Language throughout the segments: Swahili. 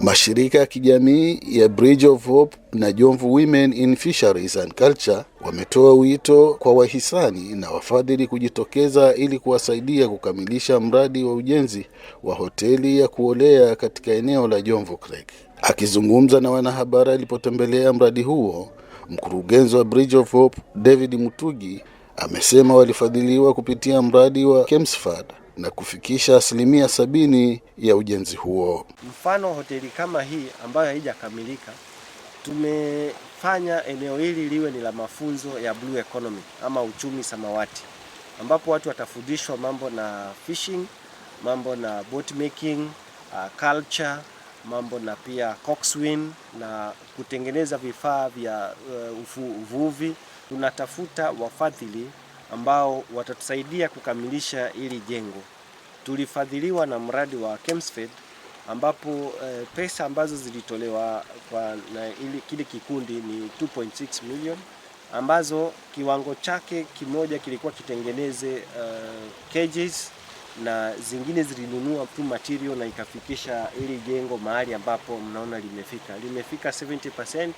Mashirika ya kijamii ya Bridge of Hope na Jomvu Women in Fisheries and Culture wametoa wito kwa wahisani na wafadhili kujitokeza ili kuwasaidia kukamilisha mradi wa ujenzi wa hoteli ya kuolea katika eneo la Jomvu Creek. Akizungumza na wanahabari alipotembelea mradi huo, mkurugenzi wa Bridge of Hope David Mutugi amesema walifadhiliwa kupitia mradi wa Kemsford na kufikisha asilimia sabini ya ujenzi huo. Mfano hoteli kama hii ambayo haijakamilika, tumefanya eneo hili liwe ni la mafunzo ya blue economy ama uchumi samawati, ambapo watu watafundishwa mambo na fishing, mambo na boat making, uh, culture mambo na pia coxswain na kutengeneza vifaa vya uh, uvuvi. Tunatafuta wafadhili ambao watatusaidia kukamilisha hili jengo tulifadhiliwa na mradi wa Kemsfed ambapo e, pesa ambazo zilitolewa kwa na ili, kile kikundi ni 2.6 million ambazo kiwango chake kimoja kilikuwa kitengeneze uh, cages na zingine zilinunua tu material na ikafikisha ili jengo mahali ambapo mnaona limefika limefika 70%.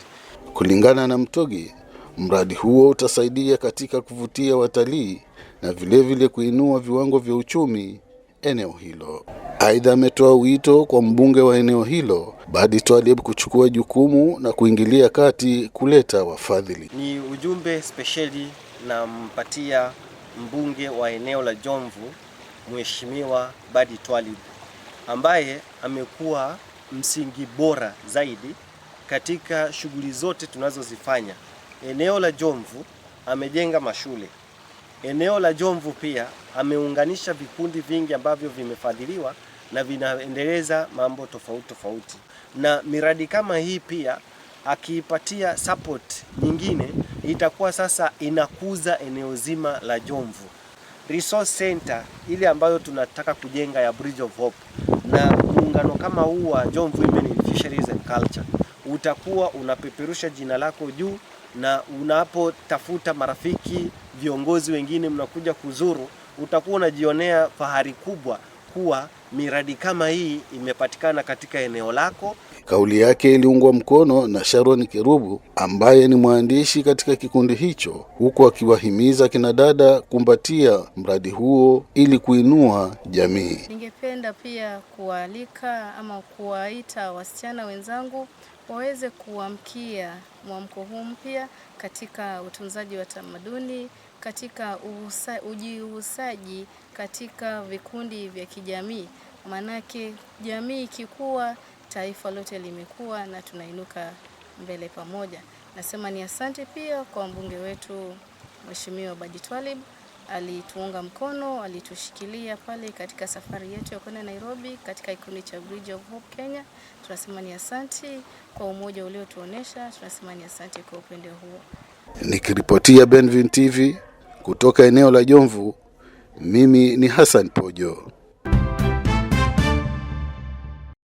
Kulingana na Mtogi, mradi huo utasaidia katika kuvutia watalii na vilevile vile kuinua viwango vya uchumi eneo hilo. Aidha, ametoa wito kwa mbunge wa eneo hilo Badi Twalib kuchukua jukumu na kuingilia kati kuleta wafadhili. Ni ujumbe spesheli nampatia mbunge wa eneo la Jomvu Mheshimiwa Badi Twalib ambaye amekuwa msingi bora zaidi katika shughuli zote tunazozifanya eneo la Jomvu. Amejenga mashule eneo la Jomvu pia ameunganisha vikundi vingi ambavyo vimefadhiliwa na vinaendeleza mambo tofauti tofauti, na miradi kama hii pia akiipatia support nyingine itakuwa sasa inakuza eneo zima la Jomvu. Resource Center ile ambayo tunataka kujenga ya Bridge of Hope na muungano kama huu wa Jomvu Fisheries and Culture utakuwa unapeperusha jina lako juu na unapotafuta marafiki, viongozi wengine mnakuja kuzuru, utakuwa unajionea fahari kubwa kuwa miradi kama hii imepatikana katika eneo lako. Kauli yake iliungwa mkono na Sharon Kerubu ambaye ni mwandishi katika kikundi hicho, huku akiwahimiza kina dada kumbatia mradi huo ili kuinua jamii. Ningependa pia kuwaalika ama kuwaita wasichana wenzangu waweze kuamkia mwamko huu mpya katika utunzaji wa tamaduni, katika ujihusaji katika vikundi vya kijamii, maanake jamii ikikuwa taifa lote limekuwa na tunainuka mbele pamoja. Nasema ni asante pia kwa mbunge wetu Mheshimiwa bajitwalib Twalib alituunga mkono, alitushikilia pale katika safari yetu ya kwenda Nairobi katika kikundi cha Bridge of Hope Kenya. Tunasema ni asanti kwa umoja uliotuonesha, tunasema ni asanti kwa upendo huo. Nikiripotia Benvin TV kutoka eneo la Jomvu, mimi ni Hassan Pojo.